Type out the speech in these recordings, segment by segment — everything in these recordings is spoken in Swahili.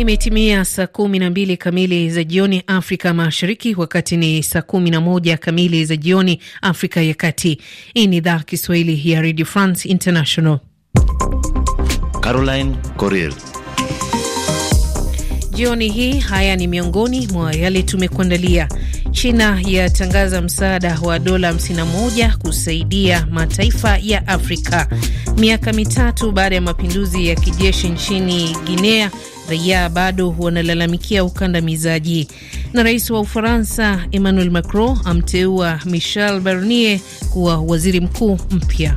Imetimia saa kumi na mbili kamili za jioni Afrika Mashariki, wakati ni saa kumi na moja kamili za jioni Afrika ya Kati. Hii ni idhaa Kiswahili ya Radio France International. Caroline Corel Jioni hii, haya ni miongoni mwa yale tumekuandalia. China yatangaza msaada wa dola 51 kusaidia mataifa ya Afrika miaka mitatu baada ya mapinduzi ya kijeshi nchini Guinea raia bado wanalalamikia ukandamizaji. Na rais wa Ufaransa Emmanuel Macron amteua Michel Barnier kuwa waziri mkuu mpya.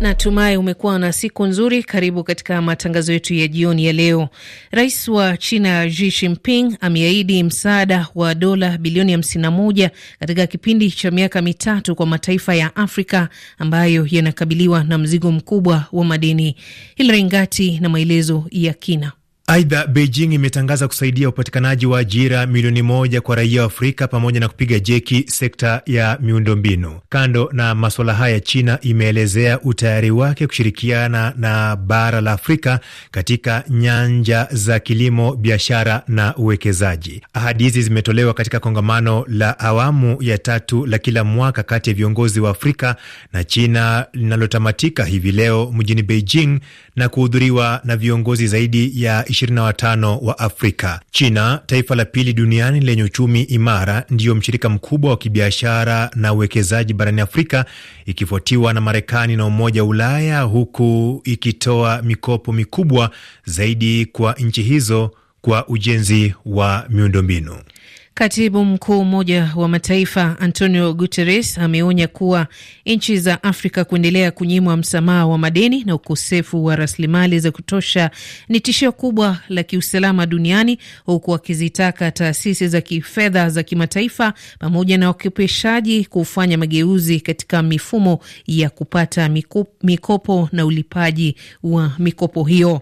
Natumai umekuwa na siku nzuri. Karibu katika matangazo yetu ya jioni ya leo. Rais wa China Xi Jinping ameahidi msaada wa dola bilioni 51 katika kipindi cha miaka mitatu kwa mataifa ya Afrika ambayo yanakabiliwa na mzigo mkubwa wa madeni. Hilari Ngati na maelezo ya kina. Aidha, Beijing imetangaza kusaidia upatikanaji wa ajira milioni moja kwa raia wa Afrika pamoja na kupiga jeki sekta ya miundombinu. Kando na masuala haya, China imeelezea utayari wake kushirikiana na bara la Afrika katika nyanja za kilimo, biashara na uwekezaji. Ahadi hizi zimetolewa katika kongamano la awamu ya tatu la kila mwaka kati ya viongozi wa Afrika na China linalotamatika hivi leo mjini Beijing na kuhudhuriwa na viongozi zaidi ya 25 wa Afrika. China, taifa la pili duniani lenye uchumi imara, ndiyo mshirika mkubwa wa kibiashara na uwekezaji barani Afrika, ikifuatiwa na Marekani na Umoja wa Ulaya, huku ikitoa mikopo mikubwa zaidi kwa nchi hizo kwa ujenzi wa miundombinu. Katibu mkuu Umoja wa Mataifa Antonio Guterres ameonya kuwa nchi za Afrika kuendelea kunyimwa msamaha wa madeni na ukosefu wa rasilimali za kutosha ni tishio kubwa la kiusalama duniani, huku akizitaka taasisi za kifedha za kimataifa pamoja na wakopeshaji kufanya mageuzi katika mifumo ya kupata mikopo na ulipaji wa mikopo hiyo.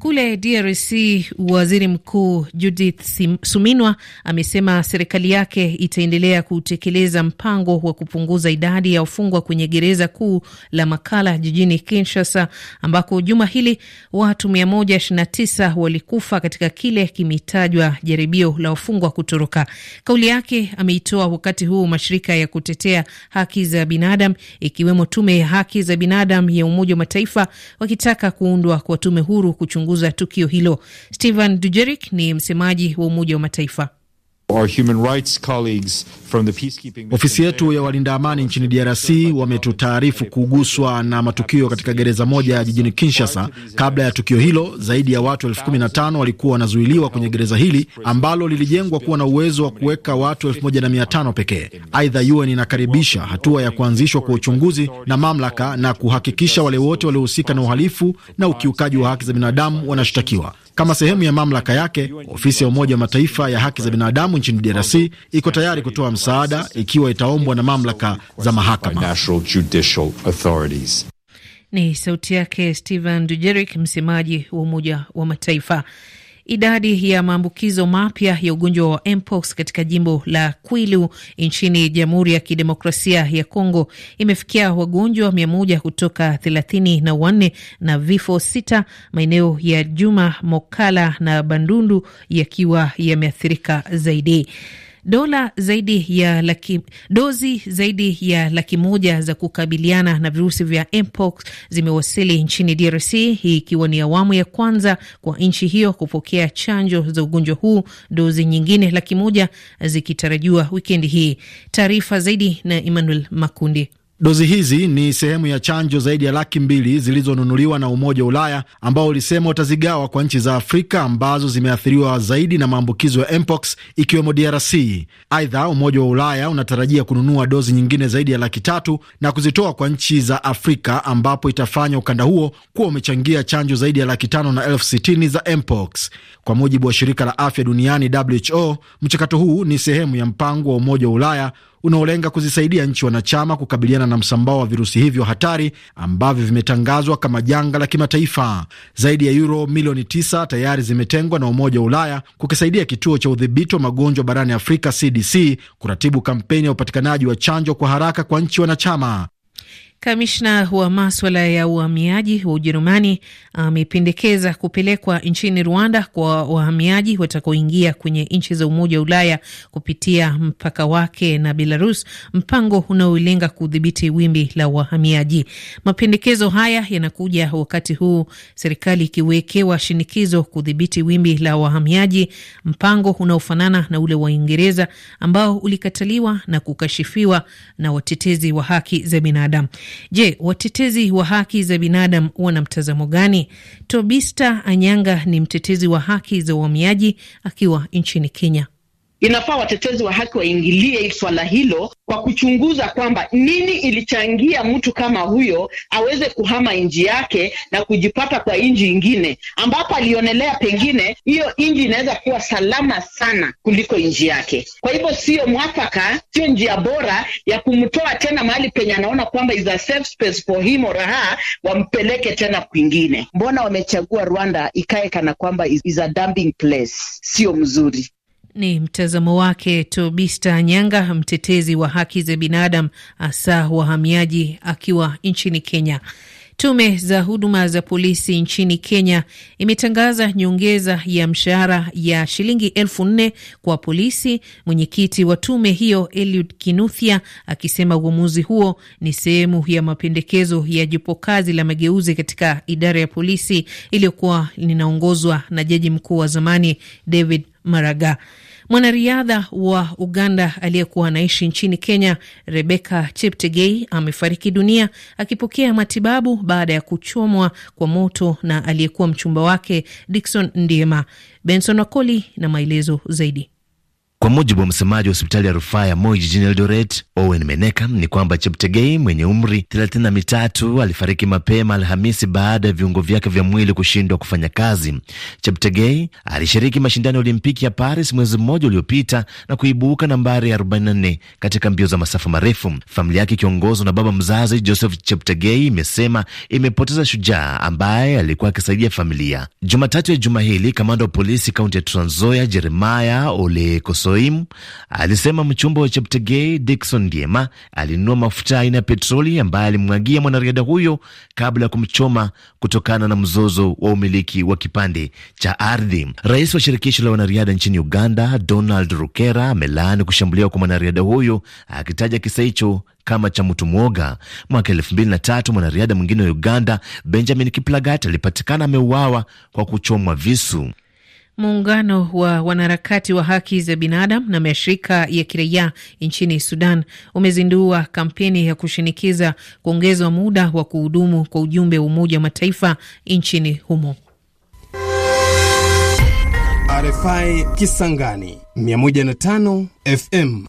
Kule DRC, waziri mkuu Judith Suminwa amesema serikali yake itaendelea kutekeleza mpango wa kupunguza idadi ya wafungwa kwenye gereza kuu la Makala jijini Kinshasa, ambako juma hili watu 129 walikufa katika kile kimetajwa jaribio la wafungwa kutoroka. Kauli yake ameitoa wakati huu mashirika ya kutetea haki za binadamu ikiwemo tume ya haki za binadamu ya Umoja wa Mataifa wakitaka kuundwa kwa tume huru kuchunguza kuchunguza tukio hilo. Stephane Dujarric ni msemaji wa Umoja wa Mataifa. Ofisi yetu ya walinda amani nchini DRC wametutaarifu kuguswa na matukio katika gereza moja ya jijini Kinshasa. Kabla ya tukio hilo, zaidi ya watu elfu kumi na tano walikuwa wanazuiliwa kwenye gereza hili ambalo lilijengwa kuwa na uwezo wa kuweka watu elfu moja na mia tano pekee. Aidha, UN inakaribisha hatua ya kuanzishwa kwa uchunguzi na mamlaka na kuhakikisha wale wote waliohusika na uhalifu na ukiukaji wa haki za binadamu wanashtakiwa. Kama sehemu ya mamlaka yake, ofisi ya Umoja wa Mataifa ya haki za binadamu nchini DRC iko tayari kutoa msaada ikiwa itaombwa na mamlaka za mahakama. Ni sauti yake Stephane Dujarric, msemaji wa Umoja wa Mataifa. Idadi ya maambukizo mapya ya ugonjwa wa mpox katika jimbo la Kwilu nchini Jamhuri ya Kidemokrasia ya Kongo imefikia wagonjwa mia moja kutoka thelathini na wanne na vifo sita, maeneo ya Juma Mokala na Bandundu yakiwa yameathirika zaidi. Dola zaidi ya laki, dozi zaidi ya laki moja za kukabiliana na virusi vya mpox zimewasili nchini DRC, hii ikiwa ni awamu ya kwanza kwa nchi hiyo kupokea chanjo za ugonjwa huu, dozi nyingine laki moja zikitarajiwa wikendi hii. Taarifa zaidi na Emmanuel Makundi. Dozi hizi ni sehemu ya chanjo zaidi ya laki mbili zilizonunuliwa na Umoja wa Ulaya ambao ulisema utazigawa kwa nchi za Afrika ambazo zimeathiriwa zaidi na maambukizo ya mpox ikiwemo DRC. Aidha, Umoja wa Ulaya unatarajia kununua dozi nyingine zaidi ya laki tatu na kuzitoa kwa nchi za Afrika ambapo itafanya ukanda huo kuwa umechangia chanjo zaidi ya laki tano na elfu sitini za mpox, kwa mujibu wa shirika la afya duniani WHO. Mchakato huu ni sehemu ya mpango wa Umoja wa Ulaya unaolenga kuzisaidia nchi wanachama kukabiliana na msambao wa virusi hivyo hatari ambavyo vimetangazwa kama janga la kimataifa. Zaidi ya euro milioni 9 tayari zimetengwa na Umoja wa Ulaya kukisaidia kituo cha udhibiti wa magonjwa barani Afrika, CDC, kuratibu kampeni ya upatikanaji wa chanjo kwa haraka kwa nchi wanachama. Kamishna wa maswala ya uhamiaji wa Ujerumani amependekeza kupelekwa nchini Rwanda kwa wahamiaji watakaoingia kwenye nchi za Umoja wa Ulaya kupitia mpaka wake na Belarus, mpango unaolenga kudhibiti wimbi la wahamiaji. Mapendekezo haya yanakuja wakati huu serikali ikiwekewa shinikizo kudhibiti wimbi la wahamiaji, mpango unaofanana na ule wa Uingereza ambao ulikataliwa na kukashifiwa na watetezi wa haki za binadamu. Je, watetezi wa haki za binadamu wana mtazamo gani? Tobista Anyanga ni mtetezi wa haki za uhamiaji akiwa nchini Kenya inafaa watetezi wa haki waingilie swala hilo kwa kuchunguza kwamba nini ilichangia mtu kama huyo aweze kuhama nji yake na kujipata kwa nji ingine ambapo alionelea pengine hiyo nji inaweza kuwa salama sana kuliko nji yake. Kwa hivyo siyo mwafaka, sio njia bora ya kumtoa tena mahali penye anaona kwamba is a safe space for him or her, wampeleke tena kwingine. Mbona wamechagua Rwanda ikae kana kwamba is a dumping place? Sio mzuri. Ni mtazamo wake Tobista Nyanga, mtetezi wa haki za binadamu hasa wahamiaji, akiwa nchini Kenya. Tume za huduma za polisi nchini Kenya imetangaza nyongeza ya mshahara ya shilingi elfu nne kwa polisi, mwenyekiti wa tume hiyo Eliud Kinuthia akisema uamuzi huo ni sehemu ya mapendekezo ya jopo kazi la mageuzi katika idara ya polisi iliyokuwa linaongozwa na jaji mkuu wa zamani David Maraga. Mwanariadha wa Uganda aliyekuwa anaishi nchini Kenya, rebeka Cheptegei amefariki dunia akipokea matibabu baada ya kuchomwa kwa moto na aliyekuwa mchumba wake dikson Ndiema. Benson Wakoli na maelezo zaidi. Kwa mujibu wa msemaji wa hospitali ya rufaa ya Moi jijini Eldoret, Owen Meneka, ni kwamba Cheptegei mwenye umri 33 mitatu alifariki mapema Alhamisi baada ya viungo vyake vya mwili kushindwa kufanya kazi. Cheptegei alishiriki mashindano ya Olimpiki ya Paris mwezi mmoja uliopita na kuibuka nambari 44 katika mbio za masafa marefu. Familia yake ikiongozwa na baba mzazi Joseph Cheptegei imesema imepoteza shujaa ambaye alikuwa akisaidia familia. Jumatatu ya juma hili, kamanda wa polisi kaunti ya Trans Nzoia Jeremiah Ole Koso Soim alisema mchumba wa Cheptegei Dickson Diema alinunua mafuta aina ya petroli ambaye alimwagia mwanariadha huyo kabla ya kumchoma kutokana na mzozo wa umiliki wa kipande cha ardhi. Rais wa shirikisho la wanariadha nchini Uganda Donald Rukera amelaani kushambuliwa kwa mwanariadha huyo akitaja kisa hicho kama cha mtu mwoga. Mwaka elfu mbili na tatu mwanariadha mwingine wa Uganda Benjamin Kiplagat alipatikana ameuawa kwa kuchomwa visu. Muungano wa wanaharakati wa haki za binadamu na mashirika ya kiraia nchini Sudan umezindua kampeni ya kushinikiza kuongezwa muda wa kuhudumu kwa ujumbe wa Umoja wa Mataifa nchini humo. RFI Kisangani 105 FM.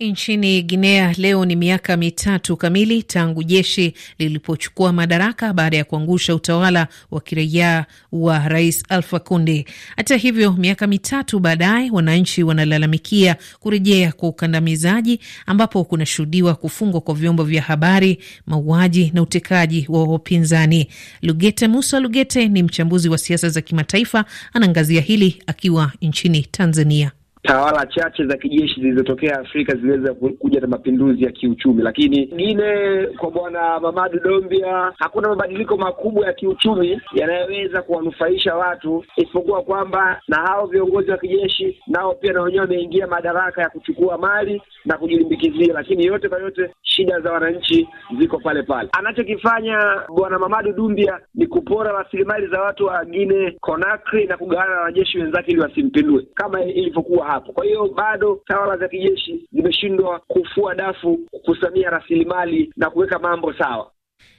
Nchini Guinea leo ni miaka mitatu kamili tangu jeshi lilipochukua madaraka baada ya kuangusha utawala wa kiraia wa Rais Alpha Conde. Hata hivyo, miaka mitatu baadaye, wananchi wanalalamikia kurejea kwa ukandamizaji, ambapo kunashuhudiwa kufungwa kwa vyombo vya habari, mauaji na utekaji wa wapinzani. Lugete Musa Lugete ni mchambuzi wa siasa za kimataifa, anaangazia hili akiwa nchini Tanzania tawala chache za kijeshi zilizotokea Afrika ziliweza kuja na mapinduzi ya kiuchumi, lakini ngine kwa bwana Mamadu Dombia hakuna mabadiliko makubwa ya kiuchumi yanayoweza kuwanufaisha watu, isipokuwa kwamba na hao viongozi wa kijeshi nao pia na wenyewe wameingia madaraka ya kuchukua mali na kujilimbikizia, lakini yote kwa yote shida za wananchi ziko pale pale. Anachokifanya bwana Mamadu Dumbia ni kupora rasilimali za watu wa Guinea Conakry na kugawana na wanajeshi wenzake ili wasimpindue kama ilivyokuwa hapo. Kwa hiyo bado tawala za kijeshi zimeshindwa kufua dafu kusimamia rasilimali na kuweka mambo sawa.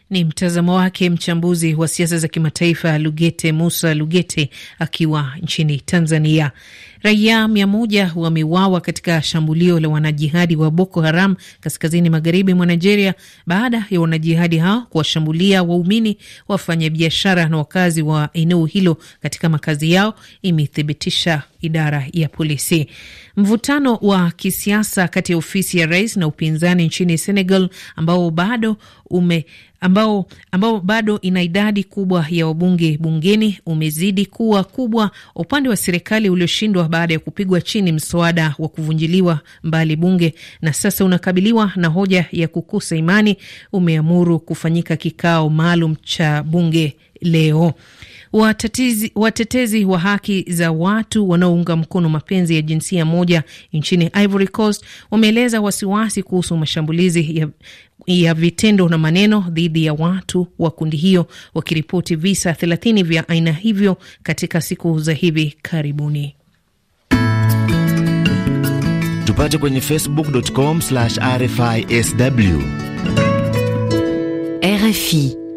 Ni mtazamo wake mchambuzi wa siasa za kimataifa Lugete Musa Lugete akiwa nchini Tanzania. Raia mia moja wameuawa katika shambulio la wanajihadi wa Boko Haram kaskazini magharibi mwa Nigeria baada ya wanajihadi hao kuwashambulia waumini, wafanyabiashara na wakazi wa eneo hilo katika makazi yao, imethibitisha idara ya polisi. Mvutano wa kisiasa kati ya ofisi ya rais na upinzani nchini Senegal ambao bado ume ambao, ambao bado ina idadi kubwa ya wabunge bungeni umezidi kuwa kubwa upande wa serikali ulioshindwa baada ya kupigwa chini mswada wa kuvunjiliwa mbali bunge na sasa unakabiliwa na hoja ya kukosa imani, umeamuru kufanyika kikao maalum cha bunge leo. Watetezi, watetezi wa haki za watu wanaounga mkono mapenzi ya jinsia moja nchini Ivory Coast wameeleza wasiwasi kuhusu mashambulizi ya, ya vitendo na maneno dhidi ya watu wa kundi hiyo wakiripoti visa 30 vya aina hivyo katika siku za hivi karibuni tupate kwenye facebook.com/rfisw. RFI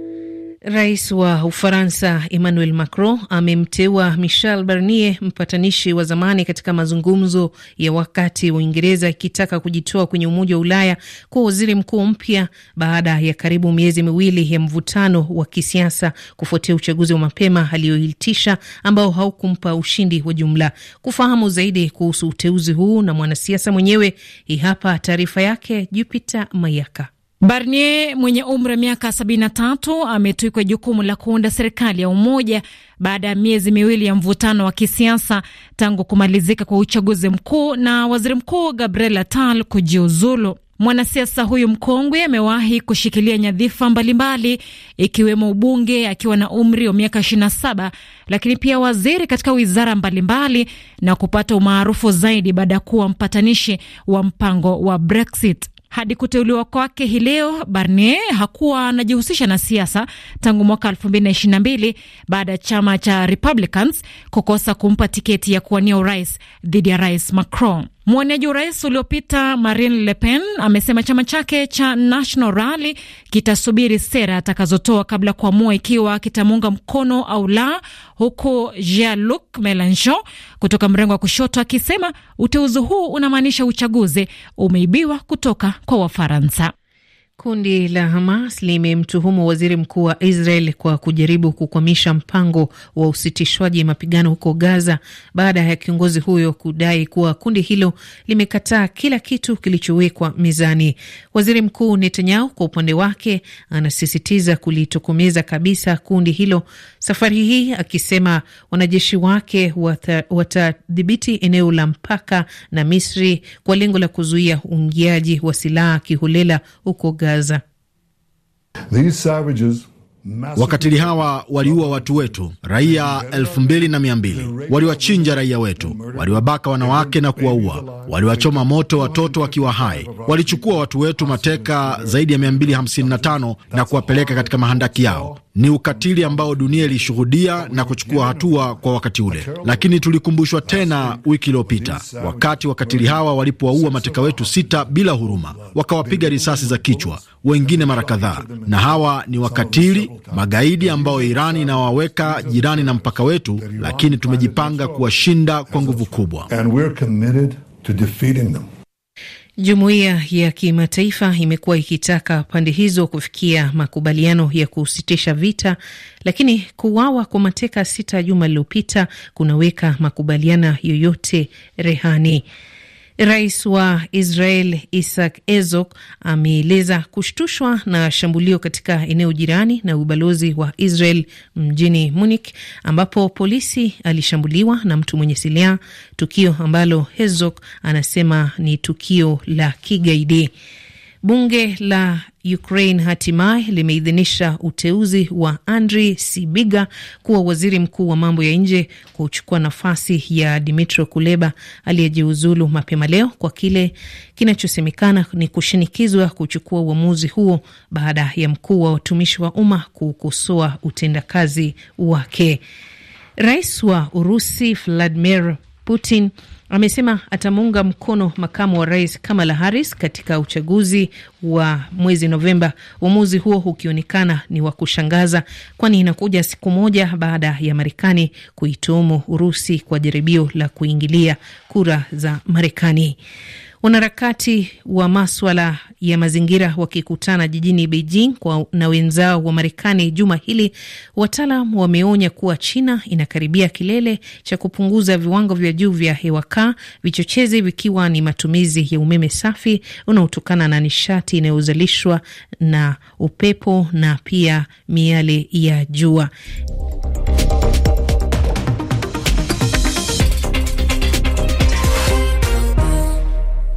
Rais wa Ufaransa Emmanuel Macron amemteua Michel Barnier, mpatanishi wa zamani, katika mazungumzo ya wakati Uingereza ikitaka kujitoa kwenye Umoja wa Ulaya kuwa waziri mkuu mpya baada ya karibu miezi miwili ya mvutano wa kisiasa kufuatia uchaguzi wa mapema aliyoitisha ambao haukumpa ushindi wa jumla. Kufahamu zaidi kuhusu uteuzi huu na mwanasiasa mwenyewe, hii hapa taarifa yake Jupiter Mayaka. Barnier mwenye umri wa miaka tatu ametwikwa jukumu la kuunda serikali ya umoja baada ya miezi miwili ya mvutano wa kisiasa tangu kumalizika kwa uchaguzi mkuu na waziri mkuu Gabriel Attal kujiuzulu. Mwanasiasa huyu mkongwe amewahi kushikilia nyadhifa mbalimbali ikiwemo ubunge akiwa na umri wa miaka 27, lakini pia waziri katika wizara mbalimbali na kupata umaarufu zaidi baada ya kuwa mpatanishi wa mpango wa Brexit. Hadi kuteuliwa kwake hii leo, Barnier hakuwa anajihusisha na siasa tangu mwaka 2022 baada ya chama cha Republicans kukosa kumpa tiketi ya kuwania urais dhidi ya Rais Macron. Mwaniaji urais uliopita Marine Le Pen amesema chama chake cha National Rally kitasubiri sera atakazotoa kabla kuamua ikiwa kitamuunga mkono au la huku Jean-Luc Melenchon kutoka mrengo wa kushoto akisema uteuzi huu unamaanisha uchaguzi umeibiwa kutoka kwa Wafaransa. Kundi la Hamas limemtuhumu waziri mkuu wa Israel kwa kujaribu kukwamisha mpango wa usitishwaji mapigano huko Gaza baada ya kiongozi huyo kudai kuwa kundi hilo limekataa kila kitu kilichowekwa mezani. Waziri Mkuu Netanyahu kwa upande wake anasisitiza kulitokomeza kabisa kundi hilo, safari hii akisema wanajeshi wake watadhibiti eneo la mpaka na Misri kwa lengo la kuzuia uingiaji wa silaha kiholela huko Gaza. Gaza. Wakatili hawa waliua watu wetu raia elfu mbili na mia mbili waliwachinja raia wetu, waliwabaka wanawake na kuwaua, waliwachoma moto watoto wakiwa hai, walichukua watu wetu mateka zaidi ya 255 na kuwapeleka katika mahandaki yao. Ni ukatili ambao dunia ilishuhudia na kuchukua hatua kwa wakati ule, lakini tulikumbushwa tena wiki iliyopita wakati wakatili hawa walipowaua mateka wetu sita bila huruma, wakawapiga risasi za kichwa, wengine mara kadhaa. Na hawa ni wakatili magaidi ambao Irani inawaweka jirani na mpaka wetu, lakini tumejipanga kuwashinda kwa nguvu kubwa. Jumuiya ya kimataifa imekuwa ikitaka pande hizo kufikia makubaliano ya kusitisha vita, lakini kuuawa kwa mateka sita juma lililopita kunaweka makubaliano yoyote rehani. Rais wa Israel Isaac Herzog ameeleza kushtushwa na shambulio katika eneo jirani na ubalozi wa Israel mjini Munich, ambapo polisi alishambuliwa na mtu mwenye silaha, tukio ambalo Herzog anasema ni tukio la kigaidi. Bunge la Ukraine hatimaye limeidhinisha uteuzi wa Andri Sibiga kuwa waziri mkuu wa mambo ya nje kwa kuchukua nafasi ya Dimitro Kuleba aliyejiuzulu mapema leo kwa kile kinachosemekana ni kushinikizwa kuchukua uamuzi huo baada ya mkuu wa watumishi wa umma kukosoa utendakazi wake. Rais wa Urusi Vladimir Putin amesema atamuunga mkono makamu wa rais Kamala Harris katika uchaguzi wa mwezi Novemba, uamuzi huo ukionekana ni wa kushangaza, kwani inakuja siku moja baada ya Marekani kuituhumu Urusi kwa jaribio la kuingilia kura za Marekani. Wanaharakati wa maswala ya mazingira wakikutana jijini Beijing kwa na wenzao wa Marekani juma hili, wataalam wameonya kuwa China inakaribia kilele cha kupunguza viwango vya juu vya hewa kaa, vichochezi vikiwa ni matumizi ya umeme safi unaotokana na nishati inayozalishwa na upepo na pia miale ya jua.